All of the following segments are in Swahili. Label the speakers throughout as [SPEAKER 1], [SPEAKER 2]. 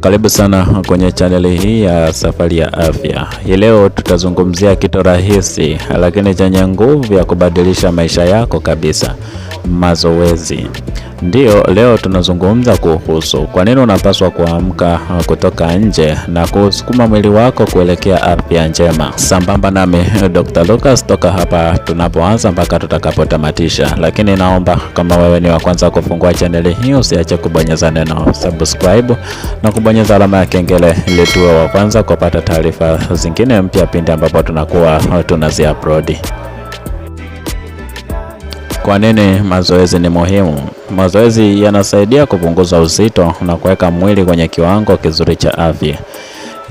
[SPEAKER 1] Karibu sana kwenye chaneli hii ya Safari ya Afya. Hii leo tutazungumzia kitu rahisi lakini chenye nguvu ya kubadilisha maisha yako kabisa, mazoezi. Ndiyo, leo tunazungumza kuhusu kwa nini unapaswa kuamka uh, kutoka nje na kusukuma mwili wako kuelekea afya njema. Sambamba nami Dr. Lucas toka hapa tunapoanza mpaka tutakapotamatisha, lakini naomba kama wewe ni wa kwanza kufungua chaneli hii usiache kubonyeza neno subscribe na kubonyeza alama ya kengele ili tuwe wa kwanza kupata taarifa zingine mpya pindi ambapo tunakuwa uh, tunazi upload. Kwa nini mazoezi ni muhimu? Mazoezi yanasaidia kupunguza uzito na kuweka mwili kwenye kiwango kizuri cha afya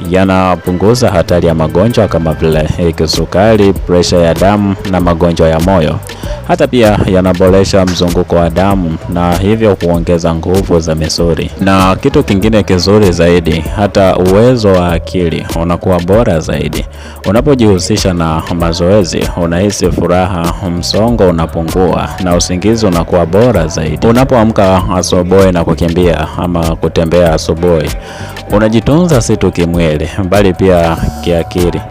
[SPEAKER 1] yanapunguza hatari ya magonjwa kama vile eh, kisukari, presha ya damu na magonjwa ya moyo. Hata pia yanaboresha mzunguko wa damu na hivyo kuongeza nguvu za misuli. Na kitu kingine kizuri zaidi, hata uwezo wa akili unakuwa bora zaidi. Unapojihusisha na mazoezi, unahisi furaha, msongo unapungua na usingizi unakuwa bora zaidi. Unapoamka asubuhi na kukimbia ama kutembea asubuhi, unajitunza si tu kimwili, bali pia kiakili.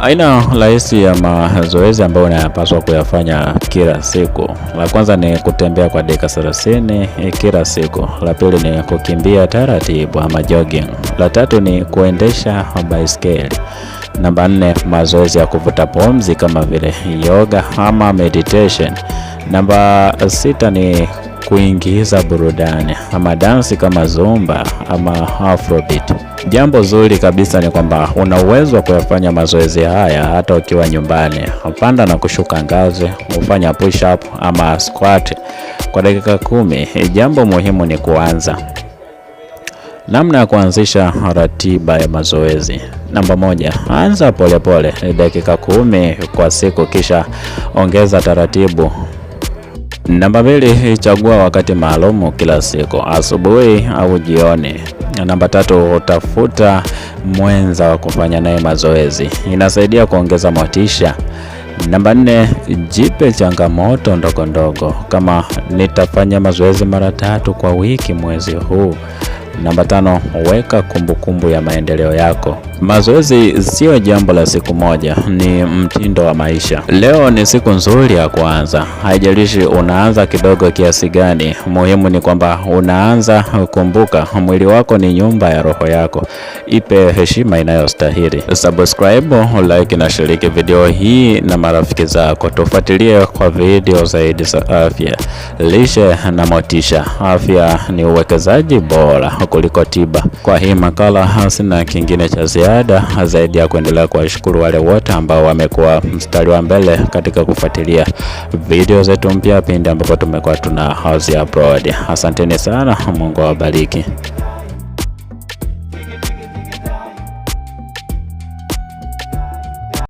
[SPEAKER 1] Aina rahisi ya mazoezi ambayo unayapaswa kuyafanya kila siku, la kwanza ni kutembea kwa dakika 30 eh, kila siku. La pili ni kukimbia taratibu ama jogging. La tatu ni kuendesha baiskeli. Namba nne, mazoezi ya kuvuta pumzi kama vile yoga ama meditation. Namba sita ni kuingiza burudani ama dansi kama zumba ama afrobeat. Jambo zuri kabisa ni kwamba una uwezo wa kuyafanya mazoezi haya hata ukiwa nyumbani. Upanda na kushuka ngazi, ufanya push up ama squat kwa dakika kumi. Jambo muhimu ni kuanza. Namna ya kuanzisha ratiba ya mazoezi. Namba moja, anza polepole pole, dakika kumi kwa siku, kisha ongeza taratibu Namba mbili, chagua wakati maalum kila siku, asubuhi au jioni. Namba tatu, utafuta mwenza wa kufanya naye mazoezi, inasaidia kuongeza motisha. Namba nne, jipe changamoto ndogo ndogo, kama nitafanya mazoezi mara tatu kwa wiki mwezi huu. Namba tano, weka kumbukumbu ya maendeleo yako. Mazoezi siyo jambo la siku moja, ni mtindo wa maisha. Leo ni siku nzuri ya kuanza, haijalishi unaanza kidogo kiasi gani. Muhimu ni kwamba unaanza. Kumbuka, mwili wako ni nyumba ya roho yako, ipe heshima inayostahili. Subscribe, like na shiriki video hii na marafiki zako. Tufuatilie kwa video zaidi za afya, lishe na motisha. Afya ni uwekezaji bora kuliko tiba. Kwa hii makala sina kingine cha ziada zaidi ya kuendelea kuwashukuru wale wote ambao wamekuwa mstari wa mbele katika kufuatilia video zetu mpya pindi ambapo tumekuwa tuna house upload. Asanteni sana, Mungu awabariki.